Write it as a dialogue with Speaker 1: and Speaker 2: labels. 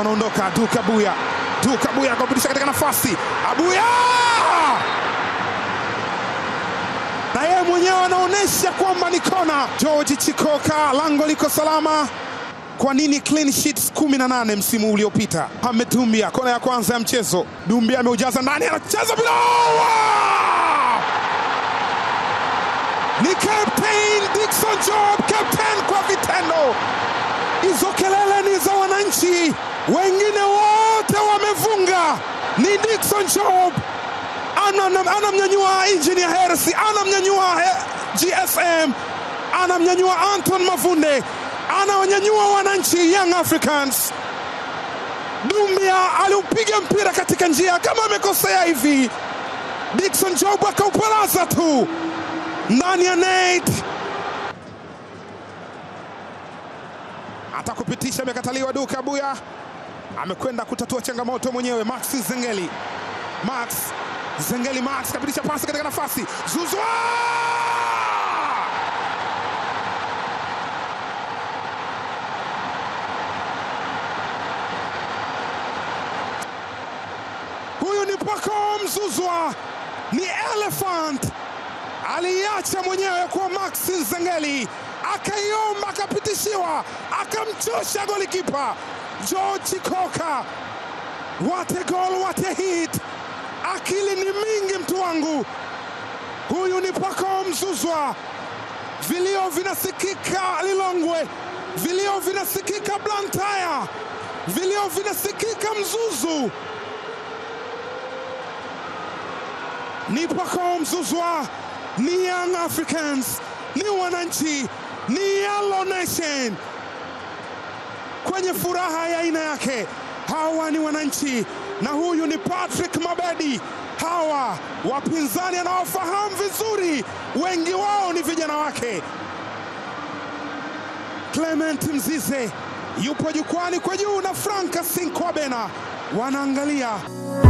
Speaker 1: wanaondoka. Duka Buya, Duka Buya akapitisha katika nafasi Abuya, na yeye mwenyewe anaonyesha kwamba ni kona. George Chikoka, lango liko salama. Kwa nini clean sheets 18 msimu uliopita? Ahmed Dumbia, kona ya kwanza ya mchezo. Dumbia ameujaza ndani, anacheza bila ni Captain Dickson Job, captain kwa vitendo. Izokele nchi, wengine wote wamefunga. Ni Dickson Job anamnyanyua injinia Hersi, anamnyanyua GSM, anamnyanyua Anton Mavunde, anawanyanyua wananchi Young Africans. Dumbia aliupiga mpira katika njia kama amekosea hivi, Dickson Job akaupalaza tu ndani ya net. atakupitisha, amekataliwa. Duka Buya amekwenda kutatua changamoto mwenyewe. Max Zengeli, Max Zengeli, Max kapitisha pasi katika nafasi Zuzwa Pako Mzuzwa ni elephant aliacha mwenyewe kwa Maxi Zengeli, akaiomba akapitishiwa, akamchosha golikipa George Koka. What a goal, what a hit! Akili ni mingi mtu wangu, huyu ni Pacome Mzuzwa. Vilio vinasikika Lilongwe, vilio vinasikika Blantyre, vilio vinasikika Mzuzu. Ni Pacome Mzuzwa, ni Young Africans, ni wananchi, ni Yellow Nation kwenye furaha ya aina yake. Hawa ni wananchi na huyu ni Patrick Mabedi. Hawa wapinzani anawafahamu vizuri, wengi wao ni vijana wake. Clement Mzize yupo jukwani kwa juu na Franka Sinkwabena wanaangalia